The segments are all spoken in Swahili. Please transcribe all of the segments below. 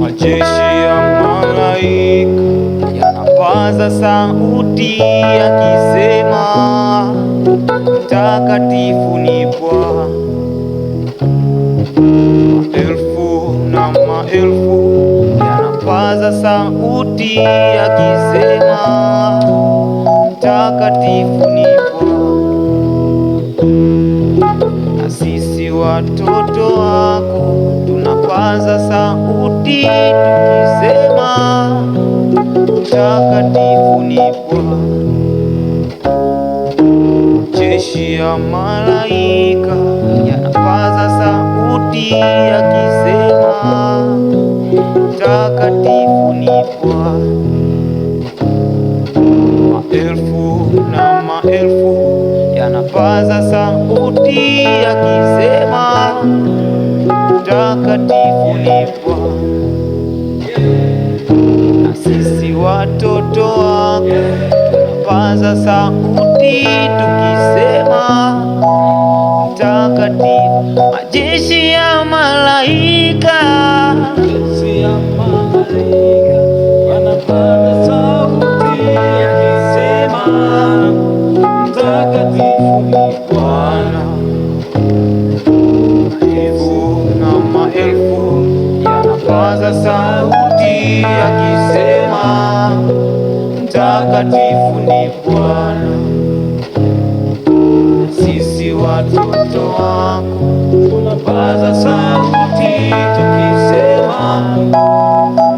Majeshi ya malaika yanapaza sauti yakisema, mtakatifu ni Bwana. Maelfu na maelfu yanapaza sauti yakisema, mtakatifu ni Bwana. watoto wako tunapaza sauti tukisema, mtakatifu ni Bwana. Jeshi ya malaika yanapaza sauti yakisema, mtakatifu ni Bwana. Maelfu na maelfu yanapaza sauti yakisema mtakatifu ni Bwana, na sisi watoto wake tunapaza sauti tukisema, mtakatifu. Majeshi ya malaika wanapaza sauti wakisema, mtakatifu ni Bwana. akipaza sauti akisema, mtakatifu ni Bwana, sisi watoto wako. Tunapaza sauti tukisema,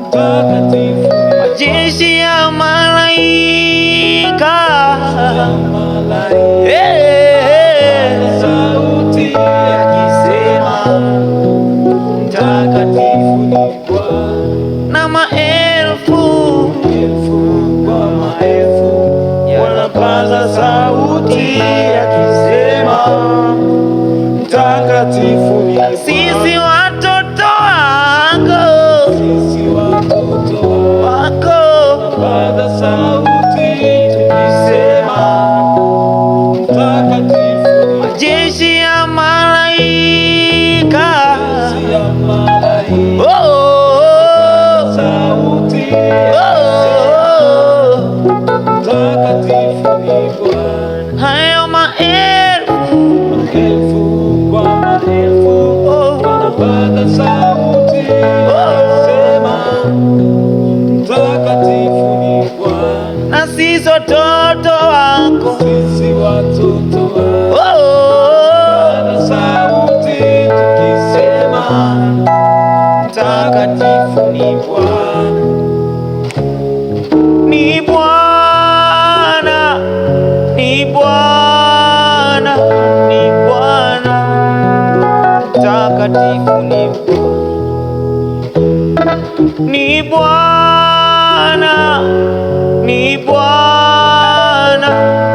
mtakatifu. Majeshi ya malaika Moses. Bwana, ni Bwana,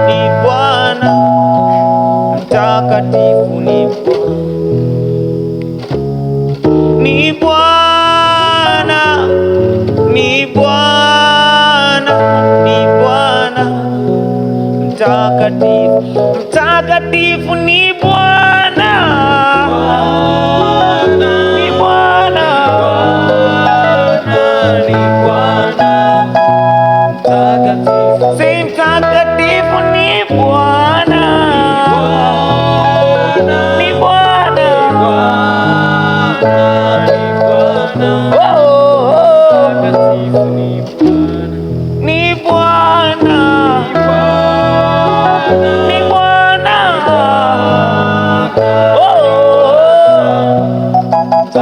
ni Bwana mtakatifu, ni ni Bwana, ni Bwana, ni Bwana mtakatifu, mtakatifu ni Bwana. Kwa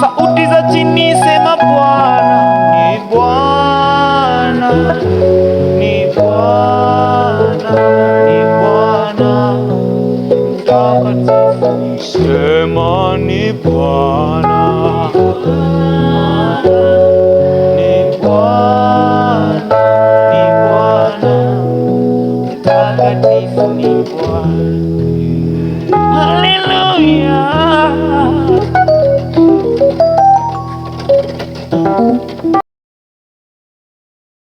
sauti za chini sema Bwana ni Bwana. yeah.